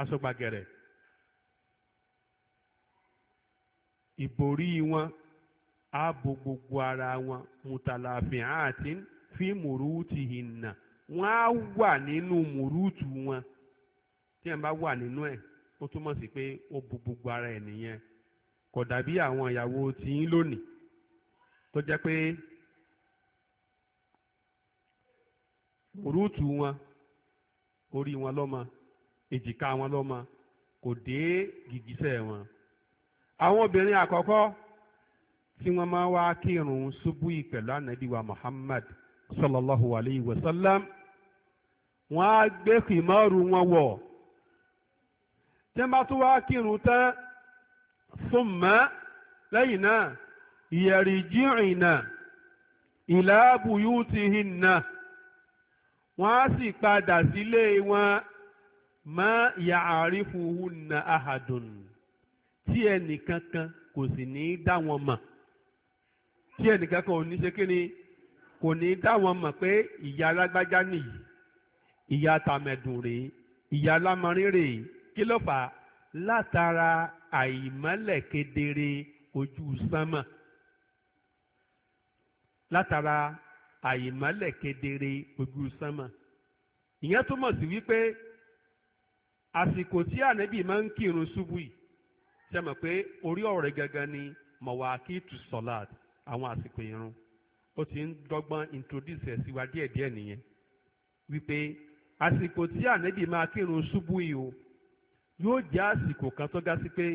aṣọgbàgẹ̀rẹ̀ ìborí wọn ààbò gbogbo ara wọn mùtàlàfíà àti fi mùrúùtì hìnnà wọn á wà nínú mùrúùtù wọn tí wọn bá wà nínú ẹ̀ ó túmọ̀ sí pé ó bu gbogbo ara ẹ̀ nìyẹn kò dàbí àwọn ìyàwó tìyín lónìí tó jẹ́ pé mùrúùtù wọn orí wọn lọ́mọ èjìká wọn ló mọ kò dé gìgísẹ̀ wọn. àwọn obìnrin àkọ́kọ́ tí wọ́n máa wá kírun ṣubúì pẹ̀lú ànábì wa Muhammad sallallahu alayhi wa sallam wọ́n á gbé kìmọ́ọ̀rù wọn wọ̀ tí wọ́n bá tún wá kírun tán súnmọ́ lẹ́yìn náà ìyẹ̀rì jírìnà ìlà wọn wọ́n á sì padà sílé wọn. má ya'rifuhunna ahadun tí ẹnìkankan kò sì ní dá wọn mọ̀ tí ẹnìkankan ò ní ṣe kí ni kò ní dá wọn mọ̀ pé ìyá alágbájá nìyí ìyá tàmẹ̀dùn rèé ìyá alámọrin rèé kí ló fà á látara àìmọ́lẹ̀ kedere ojú sánmà látara àìmọ́lẹ̀ kedere ojú sánmà ìyẹn túmọ̀ sí wípé àsìkò tí ànábì máa ń kírun ṣubú yìí ṣe mọ̀ pé orí ọ̀rẹ́ gangan ni mọ̀wákìtù sọ̀láàt àwọn àsìkò irun ó ti ń dọ́gbọ́n introduce ẹ̀ sí wa díẹ̀díẹ̀ nìyẹn wípé àsìkò tí ànábì máa kírun ṣubú yìí o yóò jẹ́ àsìkò kan tó ga sí pé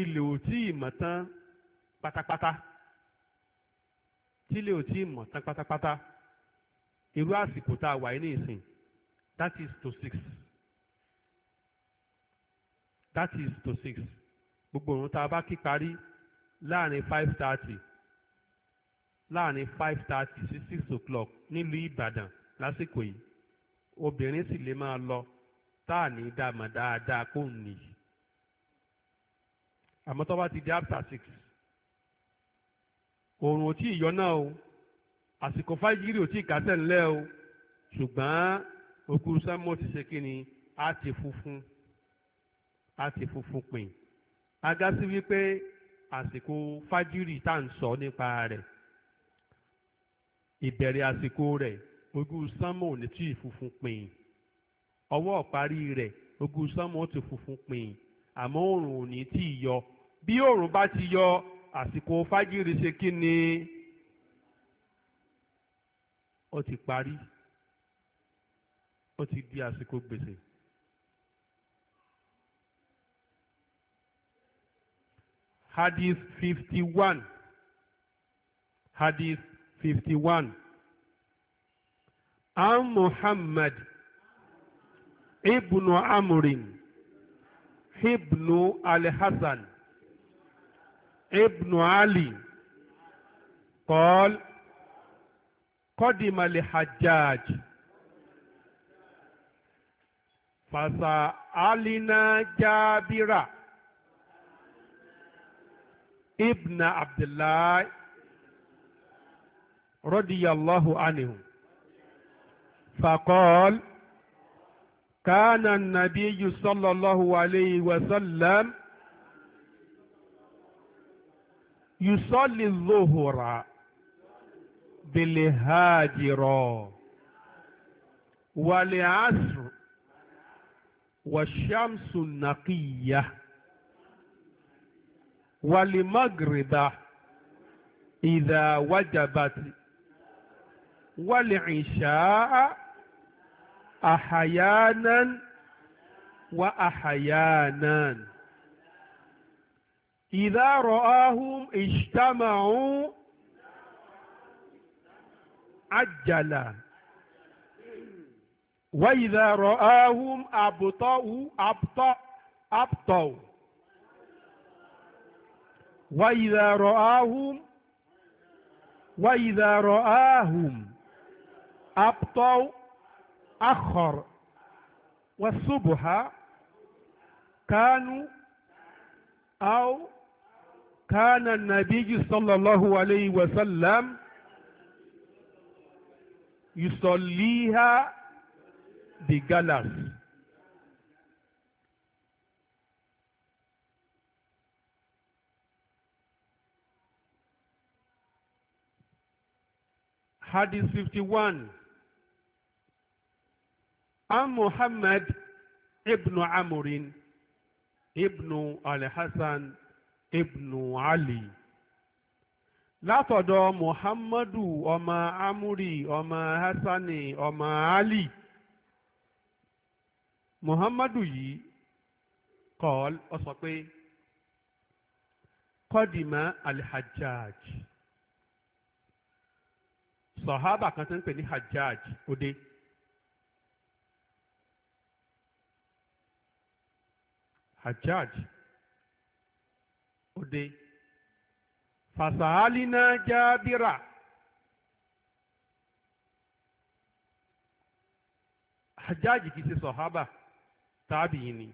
ilẹ̀ ò tí ì mọ̀ tán pátápátá tí ilẹ̀ ò tí ì mọ̀ tán pátápátá irú àsìkò tá a wà yìí ní ìsìn that is to six thirty to six gbogbo òun tá a bá kí parí láàrin five thirty láàrin five thirty sí six o'clock nílùú Ìbàdàn lásìkò yìí obìnrin sì lè máa lọ tá à ní dàmọ̀ dáadáa kó ń nìyí àmọ́ tó bá ti di after six oòrùn ò tí ì yọ náà o àsìkò fájírì ò tí ì kásẹ̀ ńlẹ̀ o ṣùgbọ́n òkú sámọ́ ti ṣe kí ni á ti funfun a ti funfun pin aga sí wípé àsìkò fájírì tá à ń sọ nípa rẹ̀ ìbẹ̀rẹ̀ àsìkò rẹ̀ ojú sánmọ̀ ò ní tí ì funfun pin ọwọ́ ìparí rẹ̀ ojú sánmọ̀ ti funfun pin àmọ́ òòrùn ò ní tí yọ bí òòrùn bá ti yọ àsìkò fájírì ṣe kí ni ó ti parí ó ti di àsìkò gbèsè. hadith 51، one hadith fifty one an muhammad ibnu amrin ibnu alhassan ibnu ali qal قدم لحجاج فسألنا جابرا ابن عبد الله رضي الله عنه، فقال: كان النبي صلى الله عليه وسلم يصلي الظهر بالهاجر والعصر والشمس النقيه ولمغرب إذا وجبت ولعشاء أحيانا وأحيانا إذا رآهم اجتمعوا عجلا وإذا رآهم أبطأوا أبطأ أبطأوا وإذا رآهم وإذا رآهم أبطوا أخر والصبح كانوا أو كان النبي صلى الله عليه وسلم يصليها بجلس Hadith 51 An Muhammad ابن Amurin ابن Alhassan Ibn Ali látọ̀dọ̀ muhammadu ọmọ Amuri ọmọ hasani ọmọ ali muhammadu yìí kọ́ ọ sọ pé kọ́dìmọ̀ alhajjaj. sọ̀hábà kan tó ń pè ní hajjaj òde. hajjaj òde. fasahalina jabira. hajjaj kì í ṣe sọ̀hábà tábìyí ni.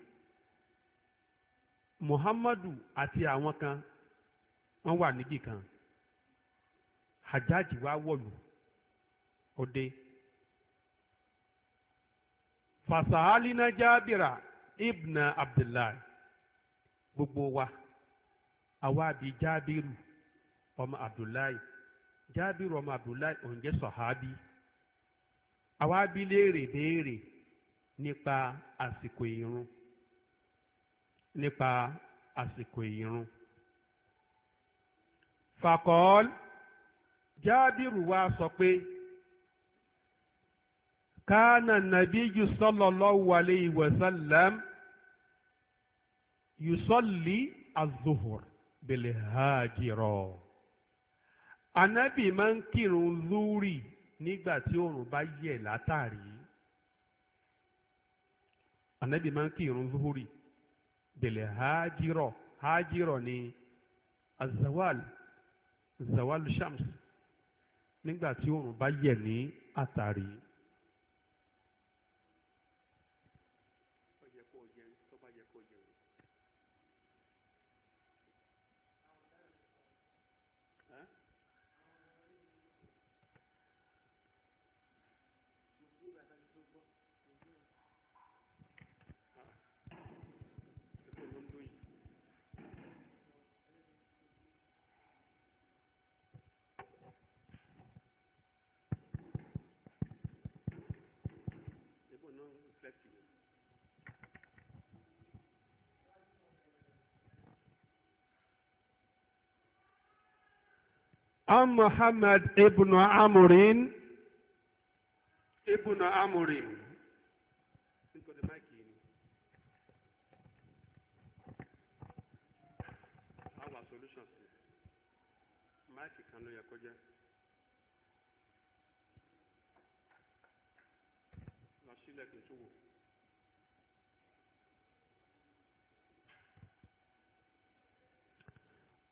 muhammadu àti àwọn kan wọ́n wà níbì kan hajjaj wá wọ̀lú. ó dé. fasahalina jábìrà ibna abdullahi gbogbo wa àwa àbí jábìrù ọmọ abdullahi jabi'ru ọmọ abdullahi onye jẹ́ sọ̀hábì àwa bí léèrè béèrè nípa àsìkò ìrun nípa àsìkò ìrun fàkọ́ọ́l jábìrù wa sọ pé. كان النبي صلى الله عليه وسلم يصلي الظهر بالهاجر Ànábì máa ń kírun lúrì nígbà tí oòrùn bá yẹ̀ látàrí Ànábì máa ń kírun lúrì bẹ̀lẹ̀ hájírọ̀ hájírọ̀ ni azawal zawal shams nígbà tí oòrùn bá yẹ̀ ní àtàrí. Yakoye, Toba Yakoye. عن محمد ابن عمرو ابن عمرو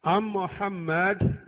عن محمد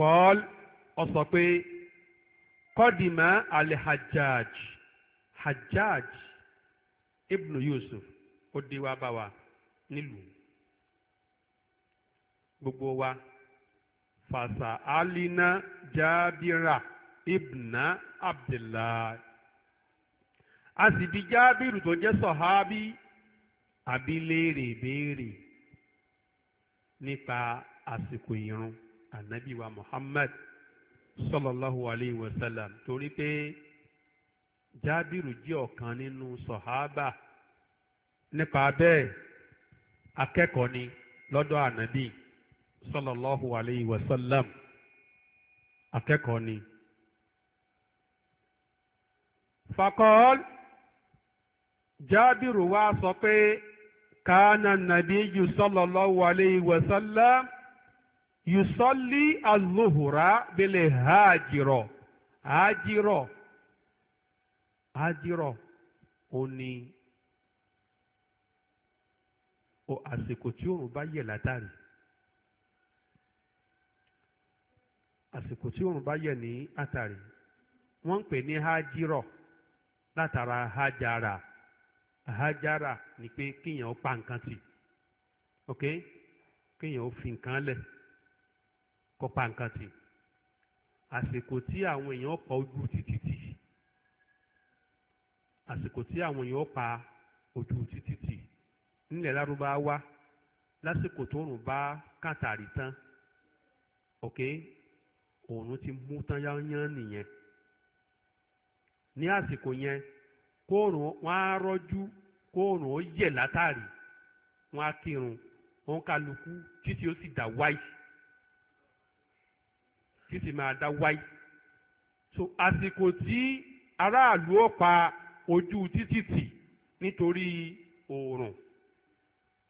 kọl ọsọ pé kọ́dìmá alẹ́ hajjaj hajjaj ibnu yusuf ó dé wá bá wa nílùú gbogbo wa fasa alina jabira ibna abdullahi a sì bi jábìrù tó jẹ́ sọ̀hábì àbí léèrè béèrè nípa àsìkò ìrun. ànábì wa Muhammad sallallahu alayhi wa sallam torí pé jábìrù jẹ́ ọ̀kan nínú sọ̀hábà nípa bẹ́ẹ̀ akẹ́kọ̀ọ́ ni lọ́dọ̀ ànábì sallallahu alayhi wa sallam akẹ́kọ̀ọ́ ni. fakọ́l jábìrù wa sọ pé kánà nàbí sallallahu alayhi wa sallam. yusọ́lí azuhura bele hajirọ hajirọ hajirọ ó ní o àsìkò tí oòrùn bá yẹ̀ látàrí asiko tí oòrùn bá yẹ̀ ní àtàrí wọ́n ń pè ní hajirọ látara hajara hajara ni pé kíyàn ó pa nǹkan tì ok kíyàn ó fi nǹkan lẹ̀. kó pa àsìkò tí àwọn èèyàn pa ojú títì àsìkò tí àwọn èèyàn pa ojú lásìkò tóòrùn bá kàtàrí tán ok ti mú tán yányán nìyẹn ní àsìkò yẹn kóòrùn wọn á rọ́jú kóòrùn ó látàrí wọn á kírun wọn tí sì máa dá wáyé so àsìkò tí aráàlú ó ojú títì tì nítorí oòrùn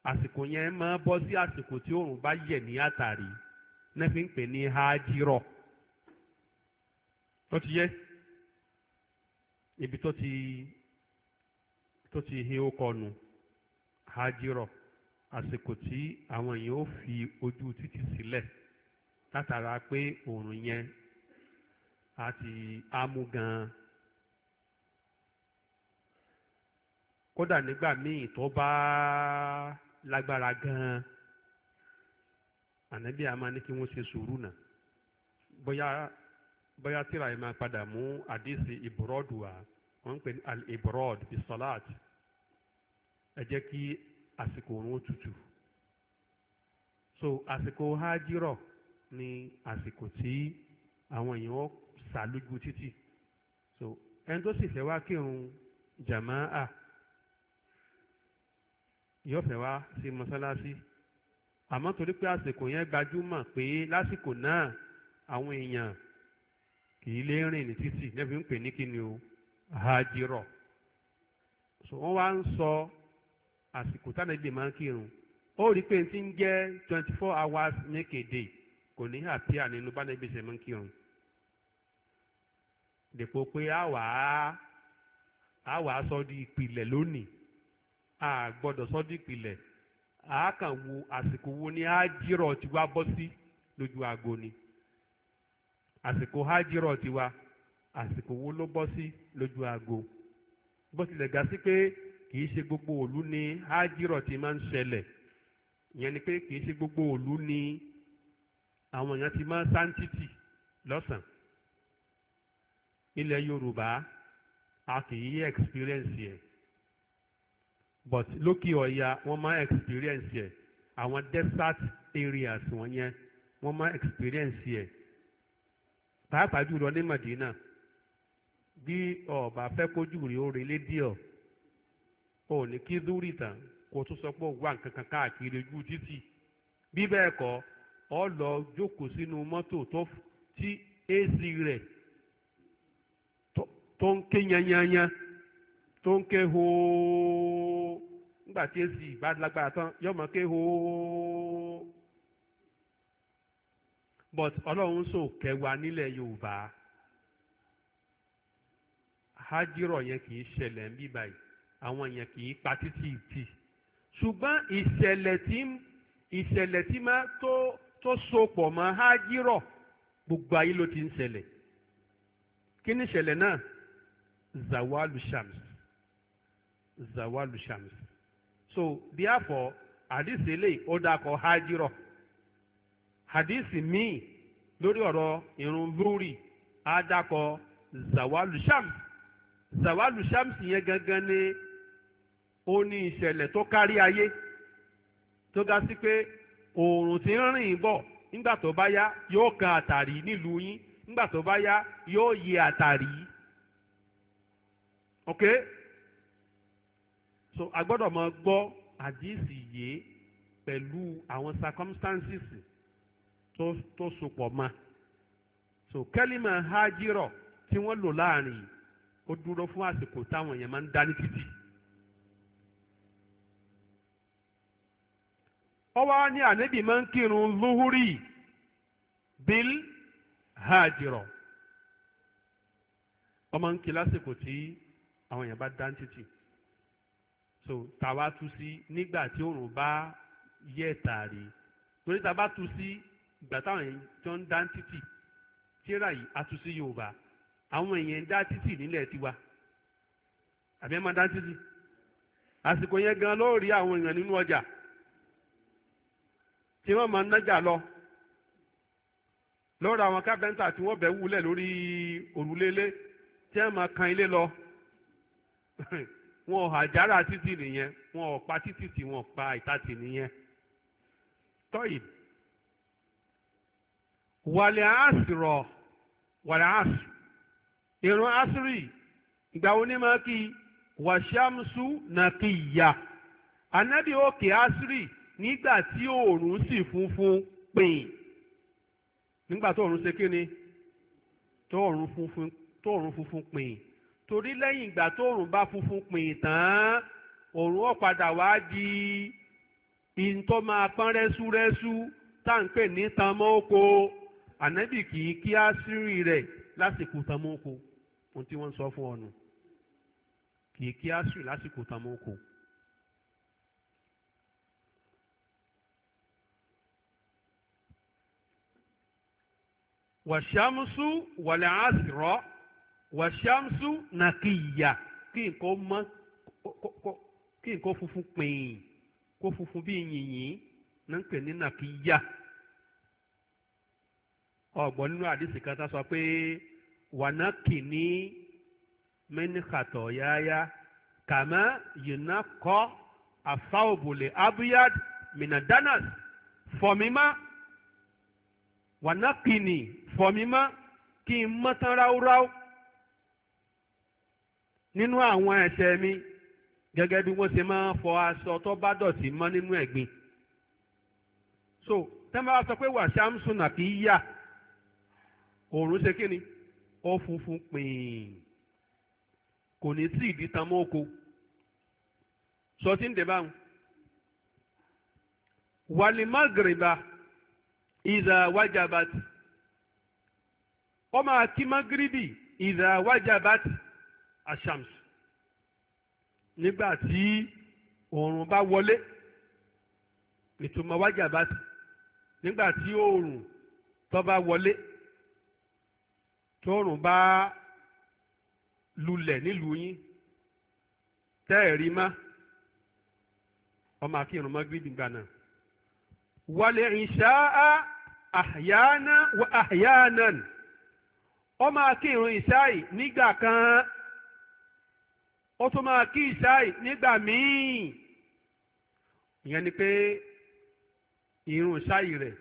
àsìkò yẹn máa bọ́ sí àsìkò tí oòrùn bá yẹ̀ ní àtàrí náà fi ń pè ní hájírọ̀ tó ti yẹ ibi tó ti tó ti hin ó kọnu hájírọ̀ àsìkò tí àwọn èèyàn ó fi ojú títì sílẹ̀. Si látara pé òòrùn yẹn a ti gan-an. kódà nígbà míì tó bá lágbára gan-an ànábì àmà ní kí wọ́n ṣe sùúrù náà bóyá bóyá tíra yìí máa padà mú ìbúrọ́dù wọ́n ń pè ní al-ibrod bisalat ẹ jẹ́ kí àsìkò so àsìkò hajj rọ̀. ní àsìkò tí àwọn èèyàn sá lójú títì so ẹni tó sì fẹ́ wá kírun jàmáà yóò fẹ́ wá sí mọ́sálásí àmọ́ torí pé àsìkò yẹn gbajúmọ̀ pé lásìkò náà àwọn èèyàn kì í lè rìn ní títì lẹ́bi ń pè ní kíni o hajirọ̀ so wọ́n wá ń sọ àsìkò tánàbí máa ń kírun ó rí pé ti ń jẹ́ twenty four hours make a day kò ní àpíà nínú bánẹ́bí ṣe máa ń kírun dèpò pé a wà á wà á sọ di ìpìlẹ̀ lónìí a gbọ́dọ̀ sọ di ìpìlẹ̀ a kàn wo àsìkò wo ni ájírọ̀ tiwa bọ́ sí lójú aago ni àsìkò ájírọ̀ tiwa àsìkò wo ló bọ́ sí lójú aago bó tilẹ̀ ga sí pé kì ṣe gbogbo òlu ni ájírọ̀ ti máa ń ṣẹlẹ̀ ìyẹn ni pé kì ṣe gbogbo òlu ni àwọn èèyàn ti mọ sáńtítì lọ́sàn ilẹ̀ Yorùbá a kì í experience yẹ but lókè ọ̀ya wọ́n máa experience yẹ àwọn desert areas wọ̀nyẹn wọ́n máa experience yẹ pàápàá jùlọ ní Madina bí ọba fẹ́ kójú rí ó relé díẹ̀ ò ní kí dúrì tán kó tún sọ pé òun wà nǹkan kan káàkiri ojú títì bí bẹ́ẹ̀ kọ́ ọ lọ jókòó sínú mọ́tò tí ac rẹ̀ tó ń ké yanyanya tó ń ké hoo nígbà tí ac bá lágbára tán but ọlọ́run sọ kẹwàá nílẹ̀ yorùbá hajiro yẹn kì í ṣẹlẹ̀ bí báyìí àwọn yẹn kì í pa títí ìtì ṣùgbọ́n ìṣẹ̀lẹ̀ tí ìṣẹ̀lẹ̀ tí tó sopọ̀ mọ́ hájírọ̀ gbogbo ayé ló ti ń ṣẹlẹ̀ kí ni ìṣẹ̀lẹ̀ náà zawalu shams zawalu shams so therefore hadith eléyìí ó dákọ̀ hájírọ̀ hadith míì lórí ọ̀rọ̀ irun lórí á dákọ̀ zawalu shams zawalu shams yẹn gangan ni ó ní ìṣẹ̀lẹ̀ tó kárí ayé tó ga sí pé oòrùn tí ń rìn bọ̀ nígbà tó bá yá yóò kan àtàrí nílùú yín nígbà tó bá yá yóò yẹ àtàrí ok so a gbọ́dọ̀ máa gbọ́ àdíìsì yé pẹ̀lú àwọn circumstances tó tó sopọ̀ ma so kẹ́límà hajírọ̀ tí wọ́n lò láàrin ó dúró fún àsìkò táwọn èèyàn máa ń dá ní títì. ọwọ́ ní ànábì máa ń kírun lóhùrì bil hajirọ̀ ọmọ ń kí lásìkò tí àwọn èèyàn bá dáńtìtì so tàwa tú sí nígbà tí òòrùn bá yẹ tààrí torí tá a bá tú sí ìgbà táwọn èèyàn jọ ń dáńtìtì tíra yìí a tú sí Yorùbá àwọn èèyàn dá títì nílẹ̀ tiwa àbí ẹ máa dá títì àsìkò yẹn gan ló àwọn èèyàn nínú ọjà tí wọ́n máa ń nájà lọ lọ́rọ̀ àwọn kápẹ́ńtà tí wọ́n bẹ̀ wúlẹ̀ lórí òrùlélé tí wọ́n máa kan ilé lọ wọn ò àjàrà títì nìyẹn wọn ò pa títì tí wọn ò pa ìtàtì nìyẹn tọ́yì wàlẹ̀ àásìrọ̀ wàlẹ̀ àásì ìrun àásìrì ìgbà wo wàṣíàmùsù nàkìyà ànábì òkè nígbà tí òòrùn sì funfun pìn nígbà tó òòrùn ṣe kí ni tó òòrùn funfun tó òòrùn funfun pìn torí lẹ́yìn ìgbà tó òòrùn bá funfun pìn tán òòrùn ó wá di ìntọ́ máa pọ́n rẹ́súrẹ́sú tá à ń pè ní tanmọ́ ànábì kì í kí á sírì rẹ̀ lásìkò tanmọ́ ohun tí wọ́n sọ fún ọ̀nù kì í kí á sírì lásìkò tanmọ́ wàṣàmùsù wàlẹ̀ àṣìrọ̀ wàṣàmùsù nà kí ìyà kí nǹkan mọ́ kí nǹkan funfun pèèyàn kó funfun bí yìnyín ní pè ní nà kí ìyà ọgbọ́n nínú àdìsí kan tá a sọ pé wàná kì ní mẹ́nìkàtọ̀ yáyá kàmá yìnyín kọ́ àfáwòbòlè abuyad mìnàdánàs fọ̀mímá wànákìnì fọ̀mímọ́ kí n mọ́ tán ráúráú nínú àwọn ẹ̀ṣẹ̀ mi gẹ́gẹ́ bí wọ́n ṣe máa ń fọ aṣọ tó bá dọ̀tí mọ́ nínú ẹ̀gbin so tẹ́lẹ̀ bá sọ pé wà ṣáàmùsùn nà kì í yà òòrùn ṣe kí ni ó funfun pìn kò ní sí ìdí tan mọ́ oko sọ ń dè báwọn wàlímọ́ gèrè So, ìdá wájàbàtì ó máa kí magiribi ìdá wájàbàtì ashams nígbà tí oòrùn bá wọlé ìtumọ̀ wájàbàtì nígbà tí oòrùn tó bá wọlé tóòrùn bá lulẹ̀ nílùú yín tẹ́ẹ̀rí má ọmọ akínrun mọ́ gírídì gbà náà wọlé ìṣáá àhìyáná wà àhìyáná ó máa kí irun ìsáì nígbà kan ó tún máa kí ìsáì nígbà míì ìyẹn ni pé irun ìsáì rẹ̀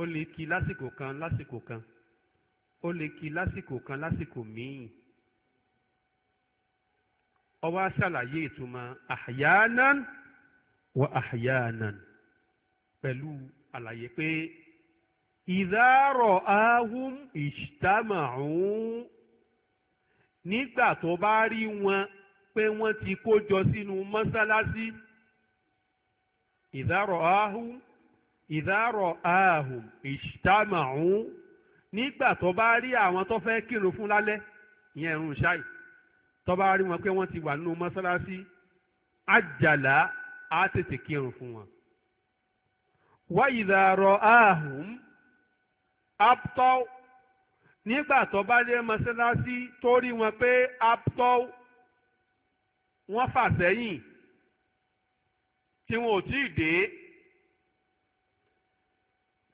ó lè kí lásìkò kan lásìkò kan ó lè kí lásìkò kan lásìkò míì ó wá ṣàlàyé ìtumọ̀ àhìyáná wà àhìyáná pẹ̀lú àlàyé pé ìdárọ̀ ahum ìṣtámàún nígbà tó bá rí wọn pé wọ́n ti kó jọ sínú mọ́sálásí ìdárọ̀ ahum ìdárọ̀ ahum ìṣtámàún nígbà tó bá rí àwọn tó fẹ́ kírun fún lálẹ́ ìyẹn ìrun ṣáì tó bá rí wọn pé wọ́n ti wà nínú mọ́sálásí àjàlá á tètè kírun fún wọn. wáyìí ìdárọ̀ ahum aptol nígbà tó bá dé mọ́ṣáláṣí tó rí wọn pé aptol wọ́n fà sẹ́yìn tí wọn ò tíì dé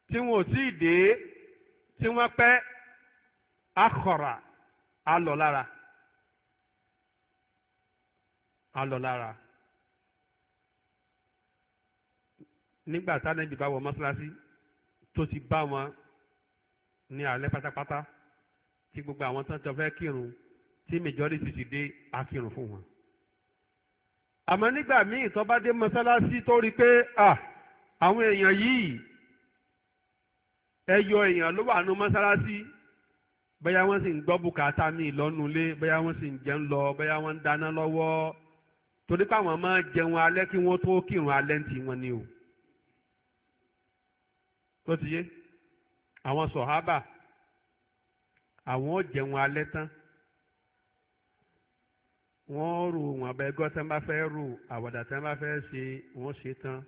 tí wọn ò tíì dé tí wọ́n pẹ́ akọ̀rà alọ̀ lára alọ̀ lára nígbà táwọn ẹbí bá wọ mọ́ṣáláṣí tó ti bá wọn ní alẹ́ pátápátá tí gbogbo àwọn tán jọ fẹ́ kírun tí majority ti dé akírun fún wọn. àmọ́ nígbà míì tó bá dé mọ́sálásí tó rí pé àwọn èèyàn yìí ẹyọ èèyàn ló wà nù mọ́sálásí bóyá wọ́n sì ń gbọ́ bùkátà míì lọ́nulé bóyá wọ́n sì ń jẹun lọ bóyá wọ́n ń dáná lọ́wọ́ torí pé àwọn máa jẹun alẹ́ kí wọ́n tó kírun alẹ́ ń ti wọn ni o. tó ti yé àwọn sọ̀hábà àwọn ò jẹun alẹ́ tán wọ́n rò wọ́n abẹ́ ẹgbẹ́ tán bá fẹ́ rò àwàdà tán bá fẹ́ ṣe wọ́n ṣe tán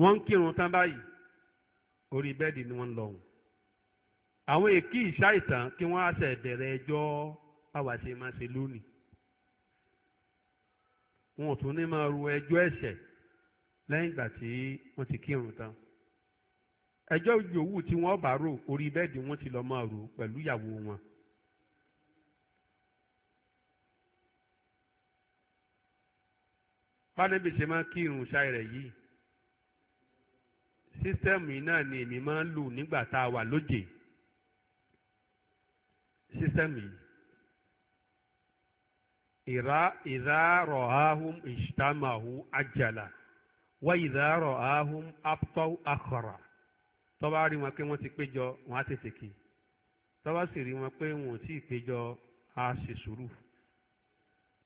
wọ́n ń kírun tán báyìí orí bẹ́ẹ̀dì ni wọ́n ń lọ́hùn àwọn èkì ìṣàìtàn kí wọ́n á ṣẹ̀ bẹ̀rẹ̀ ẹjọ́ báwa máa ṣe lónìí wọn ò tún ní máa ru ẹjọ́ ẹ̀ṣẹ̀ lẹ́yìn ìgbà tí wọ́n ti kírun tán ẹjọ́ yòówù tí wọ́n bá rò orí bẹ́ẹ̀dì wọn ti lọ máa rò pẹ̀lú ìyàwó wọn. pánẹ́bì ṣe máa kí irun ṣáì rẹ̀ yìí sísítẹ́ẹ̀mù yìí náà ni èmi máa ń lò nígbà tá a wà lóde sísítẹ́ẹ̀mù yìí ìrá ìdárọ̀ ahùn ìṣítàmàhù àjàlá wá ìdárọ̀ ahùn àpọ̀ àkọ̀rọ̀ tó bá rí wọn pé wọ́n ti péjọ wọ́n á tètè kí tó sì rí wọn pé wọn ò tí ì péjọ á ṣe sùúrù